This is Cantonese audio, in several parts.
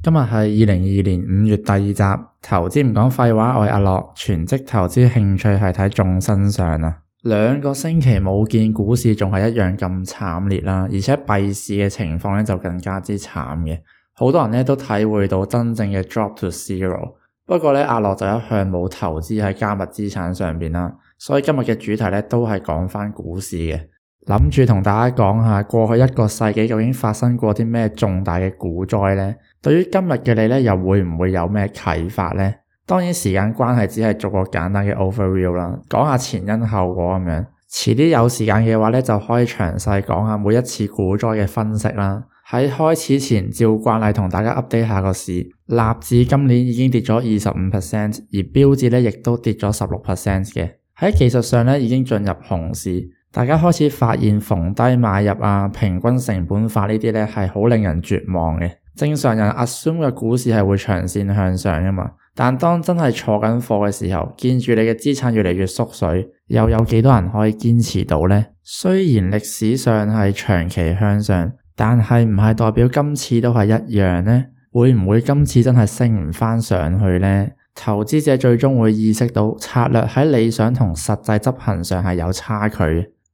今日係二零二二年五月第二集，投資唔講廢話，我係阿樂，全職投資，興趣係睇眾生相。啊！兩個星期冇見股市，仲係一樣咁慘烈啦，而且幣市嘅情況咧就更加之慘嘅。好多人咧都體會到真正嘅 drop to zero。不過咧，阿樂就一向冇投資喺加密資產上邊啦，所以今日嘅主題咧都係講翻股市嘅，諗住同大家講下過去一個世紀究竟發生過啲咩重大嘅股災咧？對於今日嘅你呢，又會唔會有咩啟發呢？當然時間關係，只係做個簡單嘅 overview 啦，講下前因後果咁樣。遲啲有時間嘅話呢，就可以詳細講下每一次股災嘅分析啦。喺開始前，照慣例同大家 update 下個市，納指今年已經跌咗二十五 percent，而標指呢亦都跌咗十六 percent 嘅。喺技術上呢，已經進入熊市，大家開始發現逢低買入啊，平均成本法呢啲呢，係好令人絕望嘅。正常人 assume 嘅股市係會長線向上噶嘛？但當真係坐緊貨嘅時候，見住你嘅資產越嚟越縮水，又有幾多人可以堅持到咧？雖然歷史上係長期向上，但係唔係代表今次都係一樣咧？會唔會今次真係升唔翻上去咧？投資者最終會意識到策略喺理想同實際執行上係有差距。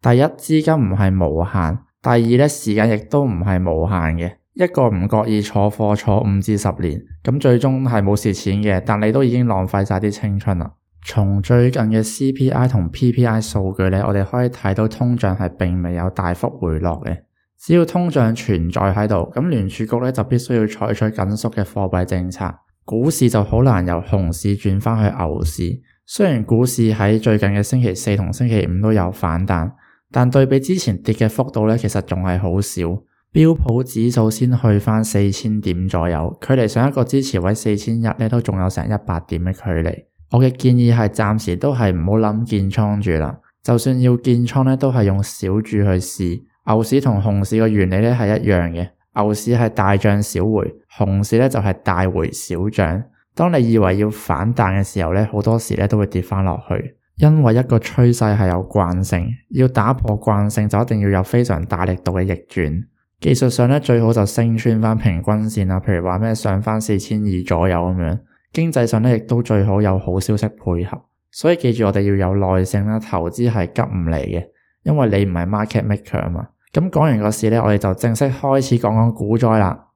第一，資金唔係無限；第二咧，時間亦都唔係無限嘅。一個唔覺意坐貨坐五至十年，咁最終係冇蝕錢嘅，但你都已經浪費晒啲青春啦。從最近嘅 CPI 同 PPI 數據呢，我哋可以睇到通脹係並未有大幅回落嘅。只要通脹存在喺度，咁聯儲局呢就必須要採取緊縮嘅貨幣政策，股市就好難由熊市轉翻去牛市。雖然股市喺最近嘅星期四同星期五都有反彈，但對比之前跌嘅幅度呢，其實仲係好少。標普指數先去返四千點左右，距離上一個支持位四千一呢都仲有成一百點嘅距離。我嘅建議係暫時都係唔好諗建倉住啦。就算要建倉呢，都係用小注去試。牛市同熊市個原理呢係一樣嘅，牛市係大漲小回，熊市呢就係大回小漲。當你以為要反彈嘅時候呢，好多時呢都會跌返落去，因為一個趨勢係有慣性，要打破慣性就一定要有非常大力度嘅逆轉。技術上咧，最好就升穿翻平均線啊，譬如話咩上翻四千二左右咁樣。經濟上咧，亦都最好有好消息配合。所以記住我哋要有耐性啦，投資係急唔嚟嘅，因為你唔係 market maker 啊嘛。咁講完個事咧，我哋就正式開始講講股災啦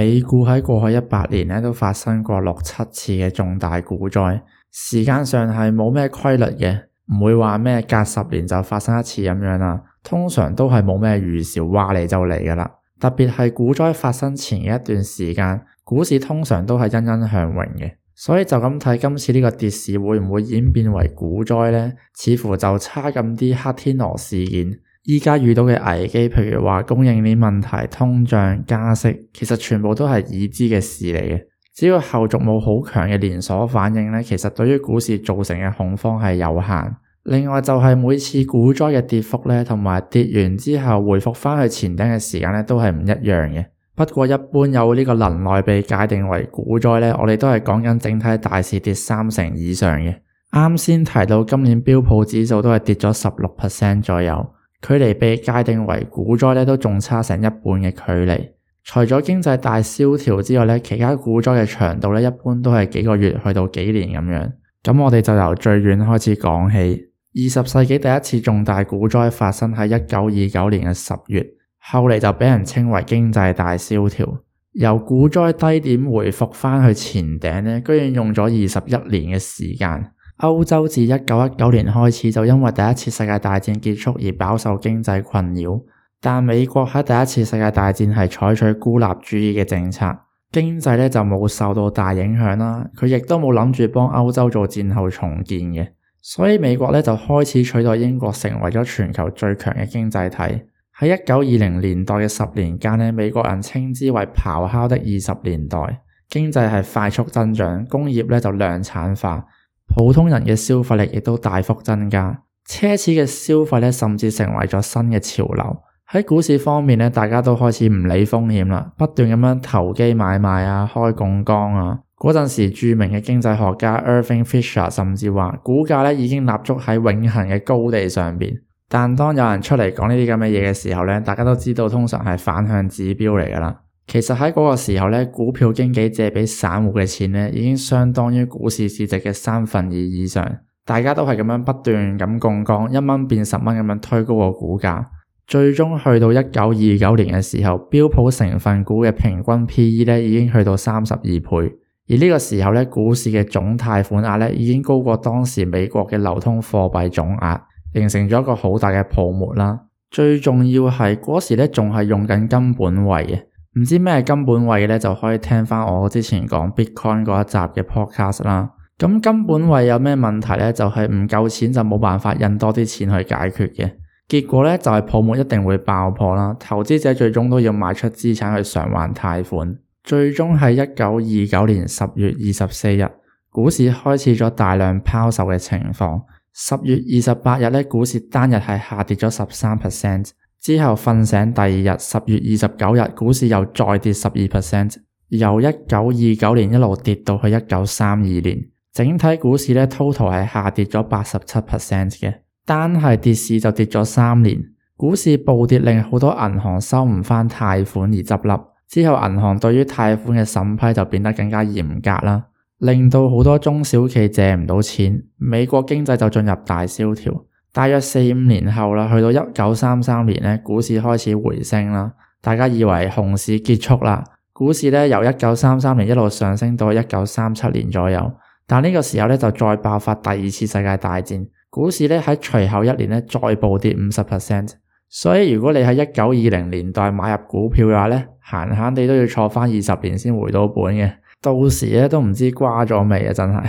美股喺過去一百年呢都發生過六七次嘅重大股災，時間上係冇咩規律嘅，唔會話咩隔十年就發生一次咁樣啦。通常都係冇咩預兆，話嚟就嚟噶啦。特別係股災發生前嘅一段時間，股市通常都係欣欣向榮嘅。所以就咁睇今次呢個跌市會唔會演變為股災呢？似乎就差咁啲黑天鵝事件。而家遇到嘅危機，譬如話供應鏈問題、通脹、加息，其實全部都係已知嘅事嚟嘅。只要後續冇好強嘅連鎖反應咧，其實對於股市造成嘅恐慌係有限。另外就係每次股災嘅跌幅咧，同埋跌完之後回復翻去前頂嘅時間咧，都係唔一樣嘅。不過一般有呢個能耐被界定為股災咧，我哋都係講緊整體大市跌三成以上嘅。啱先提到今年標普指數都係跌咗十六 percent 左右。距離被界定為股災咧，都仲差成一半嘅距離。除咗經濟大蕭條之外呢，其他股災嘅長度呢，一般都係幾個月去到幾年咁樣。咁我哋就由最遠開始講起。二十世紀第一次重大股災發生喺一九二九年嘅十月，後嚟就俾人稱為經濟大蕭條。由股災低點回復返去前頂呢，居然用咗二十一年嘅時間。歐洲自一九一九年開始就因為第一次世界大戰結束而飽受經濟困擾，但美國喺第一次世界大戰係採取孤立主義嘅政策，經濟呢就冇受到大影響啦。佢亦都冇諗住幫歐洲做戰後重建嘅，所以美國呢就開始取代英國成為咗全球最強嘅經濟體。喺一九二零年代嘅十年間呢，美國人稱之為咆哮的二十年代，經濟係快速增長，工業呢就量產化。普通人嘅消費力亦都大幅增加，奢侈嘅消費咧甚至成為咗新嘅潮流。喺股市方面咧，大家都開始唔理風險啦，不斷咁樣投機買賣啊，開槓桿啊。嗰陣時著名嘅經濟學家 Irving Fisher 甚至話股價咧已經立足喺永恆嘅高地上面。但當有人出嚟講呢啲咁嘅嘢嘅時候咧，大家都知道通常係反向指標嚟㗎啦。其實喺嗰個時候呢，股票經紀借俾散戶嘅錢呢，已經相當於股市市值嘅三分二以上。大家都係咁樣不斷咁槓桿，一蚊變十蚊咁樣推高個股價，最終去到一九二九年嘅時候，標普成分股嘅平均 PE 呢已經去到三十二倍。而呢個時候呢，股市嘅總貸款額呢已經高過當時美國嘅流通貨幣總額，形成咗一個好大嘅泡沫啦。最重要係嗰時呢，仲係用緊金本位嘅。唔知咩根本位咧，就可以聽翻我之前講 Bitcoin 嗰一集嘅 Podcast 啦。咁根本位有咩問題咧？就係唔夠錢就冇辦法印多啲錢去解決嘅。結果咧，就係泡沫一定會爆破啦。投資者最終都要賣出資產去償還貸款。最終係一九二九年十月二十四日，股市開始咗大量拋售嘅情況。十月二十八日咧，股市單日係下跌咗十三 percent。之後瞓醒第二日，十月二十九日，股市又再跌十二 percent，由一九二九年一路跌到去一九三二年，整體股市咧 total 係下跌咗八十七 percent 嘅，單係跌市就跌咗三年。股市暴跌令好多銀行收唔返貸款而執笠。之後銀行對於貸款嘅審批就變得更加嚴格啦，令到好多中小企借唔到錢，美國經濟就進入大蕭條。大約四五年後啦，去到一九三三年咧，股市開始回升啦。大家以為熊市結束啦，股市咧由一九三三年一路上升到一九三七年左右。但呢個時候咧就再爆發第二次世界大戰，股市咧喺隨後一年咧再暴跌五十 percent。所以如果你喺一九二零年代買入股票嘅話咧，閒閒哋都要坐翻二十年先回到本嘅，到時咧都唔知瓜咗未啊！真係。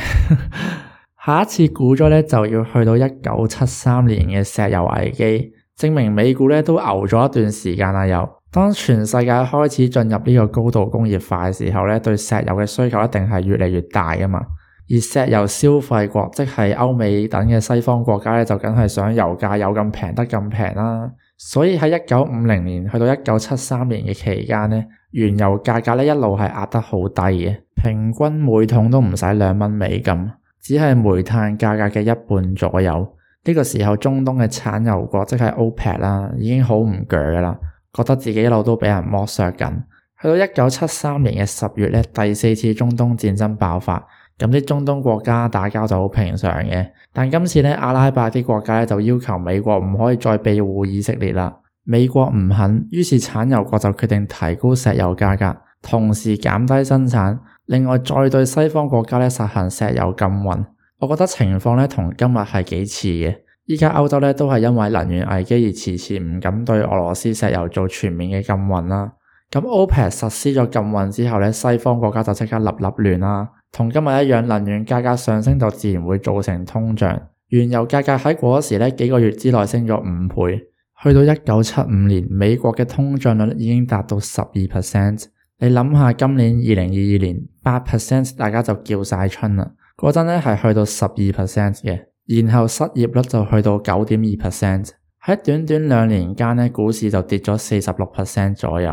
下一次估咗咧，就要去到一九七三年嘅石油危機，證明美股咧都牛咗一段時間啦。又當全世界開始進入呢個高度工業化嘅時候咧，對石油嘅需求一定係越嚟越大㗎嘛。而石油消費國，即係歐美等嘅西方國家咧，就梗係想油價有咁平得咁平啦。所以喺一九五零年去到一九七三年嘅期間咧，原油價格咧一路係壓得好低嘅，平均每桶都唔使兩蚊美金。只係煤炭價格嘅一半左右，呢個時候中東嘅產油國即係 OPEC 啦，已經好唔鋸㗎啦，覺得自己一路都畀人剝削緊。去到一九七三年嘅十月咧，第四次中東戰爭爆發，咁啲中東國家打交就好平常嘅。但今次咧，阿拉伯啲國家咧就要求美國唔可以再庇護以色列啦，美國唔肯，於是產油國就決定提高石油價格，同時減低生產。另外，再對西方國家咧實行石油禁運，我覺得情況咧同今日係幾似嘅。依家歐洲咧都係因為能源危機而遲遲唔敢對俄羅斯石油做全面嘅禁運啦。咁 OPEC 實施咗禁運之後咧，西方國家就即刻立立亂啦。同今日一樣，能源價格上升就自然會造成通脹。原油價格喺嗰時咧幾個月之內升咗五倍，去到一九七五年，美國嘅通脹率已經達到十二 percent。你諗下，今年二零二二年八 percent，大家就叫晒春啦。嗰陣咧係去到十二 percent 嘅，然後失業率就去到九點二 percent。喺短短兩年間呢，股市就跌咗四十六 percent 左右。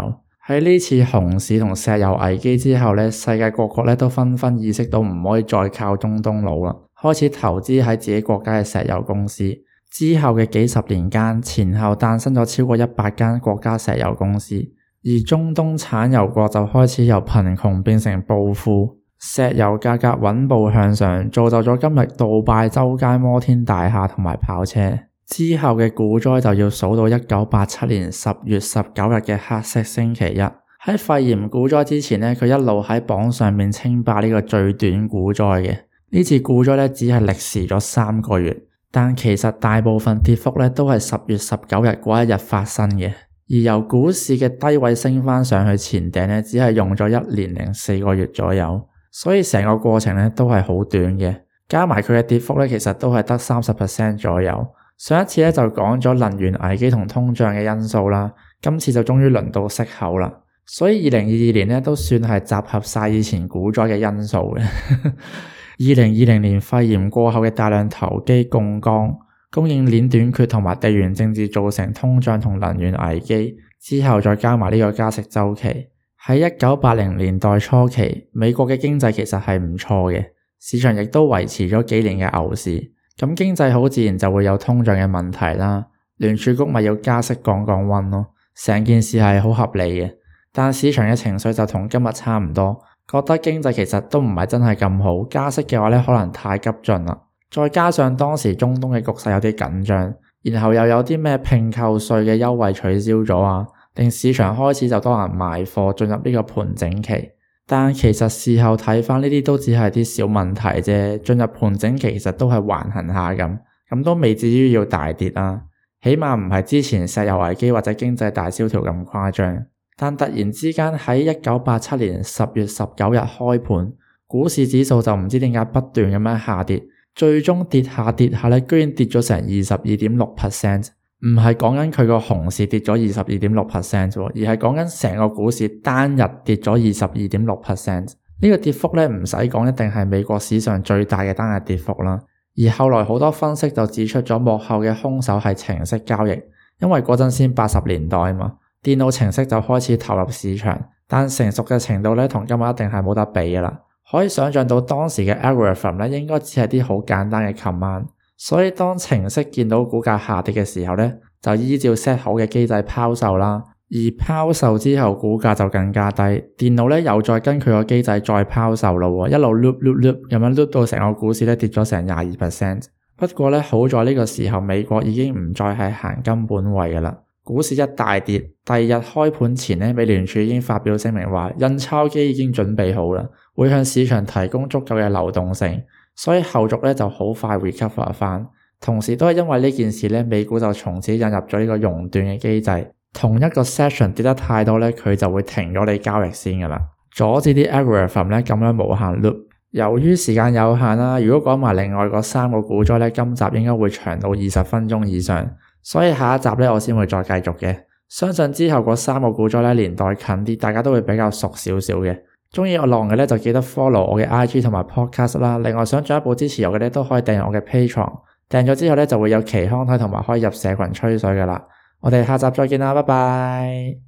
喺呢次熊市同石油危機之後呢，世界各國咧都紛紛意識到唔可以再靠中東佬啦，開始投資喺自己國家嘅石油公司。之後嘅幾十年間，前後誕生咗超過一百間國家石油公司。而中東產油國就開始由貧窮變成暴富，石油價格穩步向上，造就咗今日杜拜周街摩天大廈同埋跑車。之後嘅股災就要數到一九八七年十月十九日嘅黑色星期一。喺肺炎股災之前呢，佢一路喺榜上面稱霸呢個最短股災嘅。呢次股災呢，只係歷時咗三個月，但其實大部分跌幅呢，都係十月十九日嗰一日發生嘅。而由股市嘅低位升翻上去前頂咧，只係用咗一年零四個月左右，所以成個過程咧都係好短嘅。加埋佢嘅跌幅咧，其實都係得三十 percent 左右。上一次咧就講咗能源危機同通脹嘅因素啦，今次就終於輪到息口啦。所以二零二二年咧都算係集合晒以前股災嘅因素嘅。二零二零年肺炎過後嘅大量投機槓桿。供應鏈短缺同埋地緣政治造成通脹同能源危機之後，再加埋呢個加息週期。喺一九八零年代初期，美國嘅經濟其實係唔錯嘅，市場亦都維持咗幾年嘅牛市。咁經濟好，自然就會有通脹嘅問題啦。聯儲局咪要加息降降溫咯，成件事係好合理嘅。但市場嘅情緒就同今日差唔多，覺得經濟其實都唔係真係咁好，加息嘅話呢可能太急進啦。再加上當時中東嘅局勢有啲緊張，然後又有啲咩併購稅嘅優惠取消咗啊，令市場開始就多人賣貨，進入呢個盤整期。但其實事後睇翻呢啲都只係啲小問題啫，進入盤整期其實都係橫行下咁，咁都未至於要大跌啊，起碼唔係之前石油危機或者經濟大蕭條咁誇張。但突然之間喺一九八七年十月十九日開盤，股市指數就唔知點解不斷咁樣下跌。最終跌下跌下咧，居然跌咗成二十二點六 percent，唔係講緊佢個熊市跌咗二十二點六 percent，而係講緊成個股市單日跌咗二十二點六 percent。呢個跌幅咧，唔使講一定係美國史上最大嘅單日跌幅啦。而後來好多分析就指出咗幕後嘅兇手係程式交易，因為嗰陣先八十年代啊嘛，電腦程式就開始投入市場，但成熟嘅程度咧，同今日一定係冇得比噶啦。可以想象到當時嘅 algorithm 咧，應該只係啲好簡單嘅 command，所以當程式見到股價下跌嘅時候咧，就依照 set 好嘅機制拋售啦。而拋售之後股價就更加低，電腦咧又再根據個機制再拋售啦喎，一路 loop loop loop 咁樣 loop 到成個股市跌咗成廿二 percent。不過咧好在呢個時候美國已經唔再係行金本位嘅啦，股市一大跌，第二日開盤前咧，美聯儲已經發表聲明話印鈔機已經準備好啦。會向市場提供足夠嘅流動性，所以後續咧就好快會 recover 返。同時都係因為呢件事咧，美股就從此引入咗呢個熔斷嘅機制。同一個 session 跌得太多咧，佢就會停咗你交易先㗎喇，阻止啲 algorithm 咧咁樣無限 loop。由於時間有限啦，如果講埋另外嗰三個股災咧，今集應該會長到二十分鐘以上，所以下一集咧我先會再繼續嘅。相信之後嗰三個股災咧年代近啲，大家都會比較熟少少嘅。中意我浪嘅咧，就記得 follow 我嘅 IG 同埋 podcast 啦。另外想進一步支持我嘅咧，都可以訂我嘅 Patreon。訂咗之後咧，就會有奇康泰同埋可以入社群吹水噶啦。我哋下集再見啦，拜拜。